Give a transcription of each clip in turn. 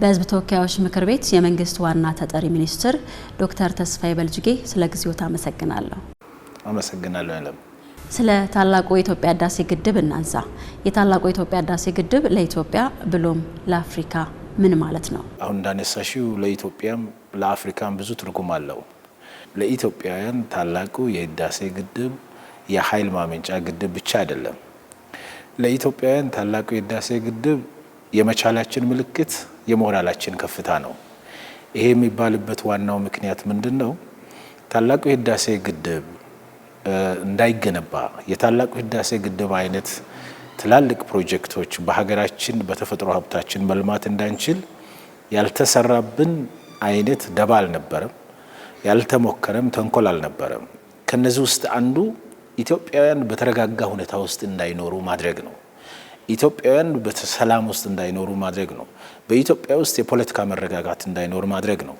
በህዝብ ተወካዮች ምክር ቤት የመንግስት ዋና ተጠሪ ሚኒስትር ዶክተር ተስፋዬ በልጅጌ ስለ ጊዜዎት አመሰግናለሁ። አመሰግናለሁ አመሰግናለሁ ለም ስለ ታላቁ የኢትዮጵያ ህዳሴ ግድብ እናንሳ። የታላቁ የኢትዮጵያ ህዳሴ ግድብ ለኢትዮጵያ ብሎም ለአፍሪካ ምን ማለት ነው? አሁን እንዳነሳሽው ለኢትዮጵያም ለአፍሪካም ብዙ ትርጉም አለው። ለኢትዮጵያውያን ታላቁ የህዳሴ ግድብ የኃይል ማመንጫ ግድብ ብቻ አይደለም። ለኢትዮጵያውያን ታላቁ የህዳሴ ግድብ የመቻላችን ምልክት የሞራላችን ከፍታ ነው። ይሄ የሚባልበት ዋናው ምክንያት ምንድን ነው? ታላቁ የህዳሴ ግድብ እንዳይገነባ የታላቁ ህዳሴ ግድብ አይነት ትላልቅ ፕሮጀክቶች በሀገራችን በተፈጥሮ ሀብታችን መልማት እንዳንችል ያልተሰራብን አይነት ደባ አልነበረም፣ ያልተሞከረም ተንኮል አልነበረም። ከነዚህ ውስጥ አንዱ ኢትዮጵያውያን በተረጋጋ ሁኔታ ውስጥ እንዳይኖሩ ማድረግ ነው። ኢትዮጵያውያን በሰላም ውስጥ እንዳይኖሩ ማድረግ ነው። በኢትዮጵያ ውስጥ የፖለቲካ መረጋጋት እንዳይኖር ማድረግ ነው።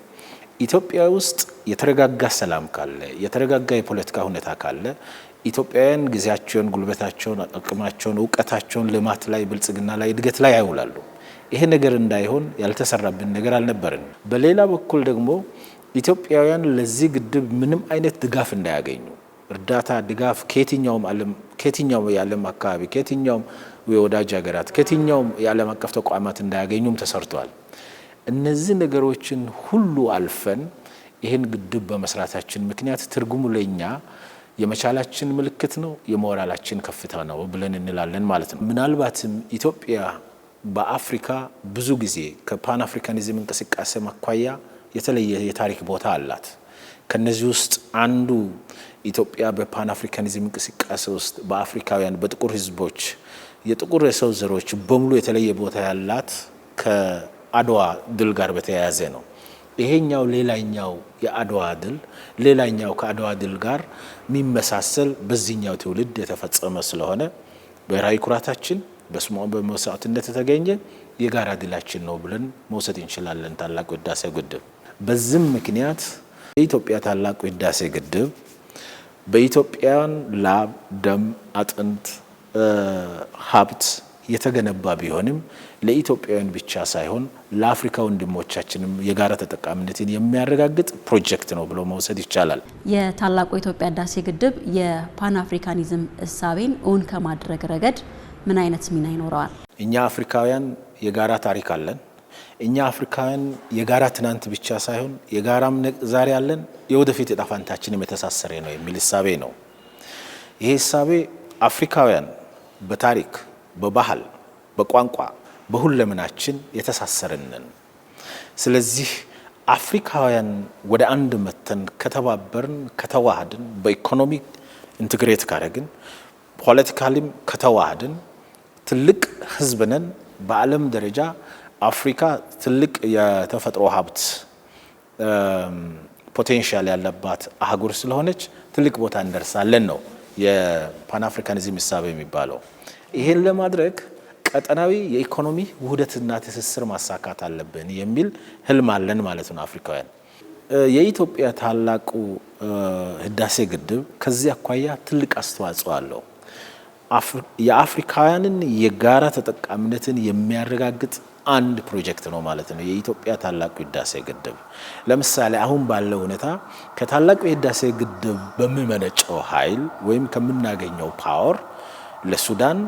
ኢትዮጵያ ውስጥ የተረጋጋ ሰላም ካለ፣ የተረጋጋ የፖለቲካ ሁኔታ ካለ ኢትዮጵያውያን ጊዜያቸውን፣ ጉልበታቸውን፣ አቅማቸውን፣ እውቀታቸውን ልማት ላይ፣ ብልጽግና ላይ፣ እድገት ላይ አይውላሉ። ይሄ ነገር እንዳይሆን ያልተሰራብን ነገር አልነበረንም። በሌላ በኩል ደግሞ ኢትዮጵያውያን ለዚህ ግድብ ምንም አይነት ድጋፍ እንዳያገኙ እርዳታ፣ ድጋፍ ከየትኛውም ዓለም ከየትኛውም የዓለም አካባቢ ከየትኛውም የወዳጅ ሀገራት ከየትኛውም የዓለም አቀፍ ተቋማት እንዳያገኙም ተሰርተዋል። እነዚህ ነገሮችን ሁሉ አልፈን ይህን ግድብ በመስራታችን ምክንያት ትርጉሙ ለኛ የመቻላችን ምልክት ነው፣ የሞራላችን ከፍታ ነው ብለን እንላለን ማለት ነው። ምናልባትም ኢትዮጵያ በአፍሪካ ብዙ ጊዜ ከፓን አፍሪካኒዝም እንቅስቃሴ ማኳያ የተለየ የታሪክ ቦታ አላት። ከነዚህ ውስጥ አንዱ ኢትዮጵያ በፓን አፍሪካኒዝም እንቅስቃሴ ውስጥ በአፍሪካውያን በጥቁር ህዝቦች የጥቁር የሰው ዘሮች በሙሉ የተለየ ቦታ ያላት ከአድዋ ድል ጋር በተያያዘ ነው። ይሄኛው ሌላኛው የአድዋ ድል ሌላኛው ከአድዋ ድል ጋር የሚመሳሰል በዚህኛው ትውልድ የተፈጸመ ስለሆነ ብሔራዊ ኩራታችን በስሙ በመስዋዕትነት የተገኘ የጋራ ድላችን ነው ብለን መውሰድ እንችላለን። ታላቁ ህዳሴ ግድብ በዚህም ምክንያት የኢትዮጵያ ታላቁ ህዳሴ ግድብ በኢትዮጵያን ላብ፣ ደም፣ አጥንት፣ ሀብት የተገነባ ቢሆንም ለኢትዮጵያውያን ብቻ ሳይሆን ለአፍሪካ ወንድሞቻችንም የጋራ ተጠቃሚነትን የሚያረጋግጥ ፕሮጀክት ነው ብሎ መውሰድ ይቻላል። የታላቁ የኢትዮጵያ ህዳሴ ግድብ የፓን አፍሪካኒዝም እሳቤን እውን ከማድረግ ረገድ ምን አይነት ሚና ይኖረዋል? እኛ አፍሪካውያን የጋራ ታሪክ አለን። እኛ አፍሪካውያን የጋራ ትናንት ብቻ ሳይሆን የጋራም ዛሬ ያለን የወደፊት ዕጣ ፈንታችንም የተሳሰረ ነው የሚል እሳቤ ነው። ይሄ እሳቤ አፍሪካውያን በታሪክ በባህል፣ በቋንቋ፣ በሁለምናችን የተሳሰረንን። ስለዚህ አፍሪካውያን ወደ አንድ መተን ከተባበርን፣ ከተዋህድን፣ በኢኮኖሚ ኢንትግሬት ካረግን፣ ፖለቲካሊም ከተዋሃድን ትልቅ ህዝብ ነን በዓለም ደረጃ አፍሪካ ትልቅ የተፈጥሮ ሀብት ፖቴንሻል ያለባት አህጉር ስለሆነች ትልቅ ቦታ እንደርሳለን ነው የፓን አፍሪካኒዝም የሚባለው። ይህን ለማድረግ ቀጠናዊ የኢኮኖሚ ውህደትና ትስስር ማሳካት አለብን የሚል ህልም አለን ማለት ነው አፍሪካውያን። የኢትዮጵያ ታላቁ ህዳሴ ግድብ ከዚህ አኳያ ትልቅ አስተዋጽኦ አለው። የአፍሪካውያንን የጋራ ተጠቃሚነትን የሚያረጋግጥ አንድ ፕሮጀክት ነው ማለት ነው። የኢትዮጵያ ታላቁ ህዳሴ ግድብ ለምሳሌ አሁን ባለው ሁኔታ ከታላቁ የህዳሴ ግድብ በሚመነጨው ኃይል ወይም ከምናገኘው ፓወር ለሱዳን፣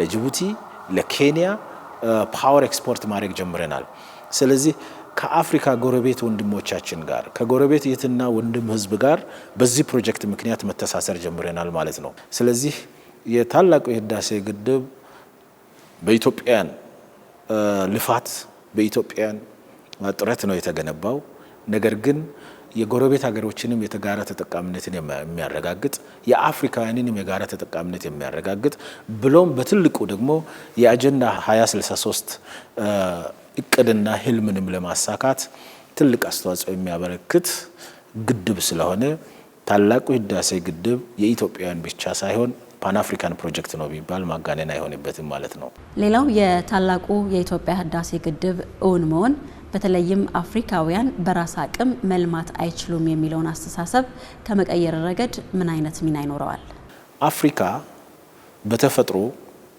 ለጅቡቲ፣ ለኬንያ ፓወር ኤክስፖርት ማድረግ ጀምረናል። ስለዚህ ከአፍሪካ ጎረቤት ወንድሞቻችን ጋር ከጎረቤት የትና ወንድም ህዝብ ጋር በዚህ ፕሮጀክት ምክንያት መተሳሰር ጀምረናል ማለት ነው። ስለዚህ የታላቁ የህዳሴ ግድብ በኢትዮጵያን ልፋት በኢትዮጵያን ጥረት ነው የተገነባው። ነገር ግን የጎረቤት ሀገሮችንም የጋራ ተጠቃሚነትን የሚያረጋግጥ የአፍሪካውያንንም የጋራ ተጠቃሚነት የሚያረጋግጥ ብሎም በትልቁ ደግሞ የአጀንዳ 2063 እቅድና ህልምንም ለማሳካት ትልቅ አስተዋጽኦ የሚያበረክት ግድብ ስለሆነ ታላቁ ህዳሴ ግድብ የኢትዮጵያውያን ብቻ ሳይሆን ፓን አፍሪካን ፕሮጀክት ነው ቢባል ማጋነን አይሆንበትም ማለት ነው። ሌላው የታላቁ የኢትዮጵያ ህዳሴ ግድብ እውን መሆን በተለይም አፍሪካውያን በራስ አቅም መልማት አይችሉም የሚለውን አስተሳሰብ ከመቀየር ረገድ ምን አይነት ሚና ይኖረዋል? አፍሪካ በተፈጥሮ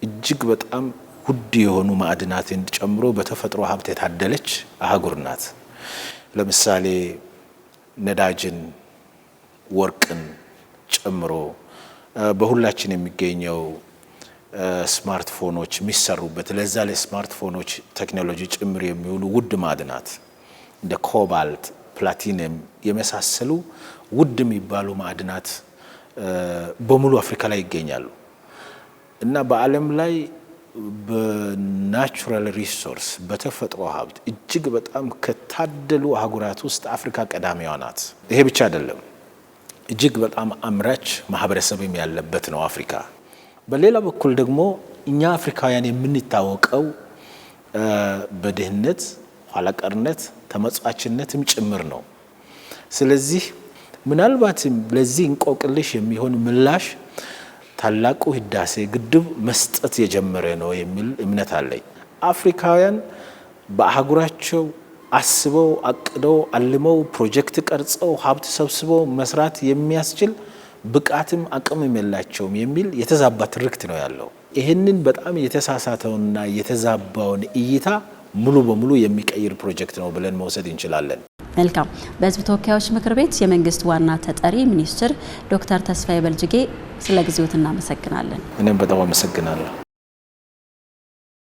እጅግ በጣም ውድ የሆኑ ማዕድናትን ጨምሮ በተፈጥሮ ሀብት የታደለች አህጉር ናት። ለምሳሌ ነዳጅን ወርቅን ጨምሮ በሁላችን የሚገኘው ስማርትፎኖች የሚሰሩበት ለዛ ለስማርትፎኖች ቴክኖሎጂ ጭምር የሚውሉ ውድ ማዕድናት እንደ ኮባልት፣ ፕላቲኒየም የመሳሰሉ ውድ የሚባሉ ማዕድናት በሙሉ አፍሪካ ላይ ይገኛሉ እና በዓለም ላይ በናቹራል ሪሶርስ በተፈጥሮ ሀብት እጅግ በጣም ከታደሉ አህጉራት ውስጥ አፍሪካ ቀዳሚዋ ናት። ይሄ ብቻ አይደለም። እጅግ በጣም አምራች ማህበረሰብም ያለበት ነው አፍሪካ። በሌላ በኩል ደግሞ እኛ አፍሪካውያን የምንታወቀው በድህነት ኋላቀርነት፣ ተመጽዋችነትም ጭምር ነው። ስለዚህ ምናልባትም ለዚህ እንቆቅልሽ የሚሆን ምላሽ ታላቁ ህዳሴ ግድብ መስጠት የጀመረ ነው የሚል እምነት አለኝ። አፍሪካውያን በአህጉራቸው አስበው አቅደው አልመው ፕሮጀክት ቀርጸው ሀብት ሰብስበው መስራት የሚያስችል ብቃትም አቅምም የላቸውም የሚል የተዛባ ትርክት ነው ያለው። ይህንን በጣም የተሳሳተውና የተዛባውን እይታ ሙሉ በሙሉ የሚቀይር ፕሮጀክት ነው ብለን መውሰድ እንችላለን። መልካም። በህዝብ ተወካዮች ምክር ቤት የመንግስት ዋና ተጠሪ ሚኒስትር ዶክተር ተስፋዬ በልጅጌ ስለ ጊዜዎት እናመሰግናለን። እኔም በጣም አመሰግናለሁ።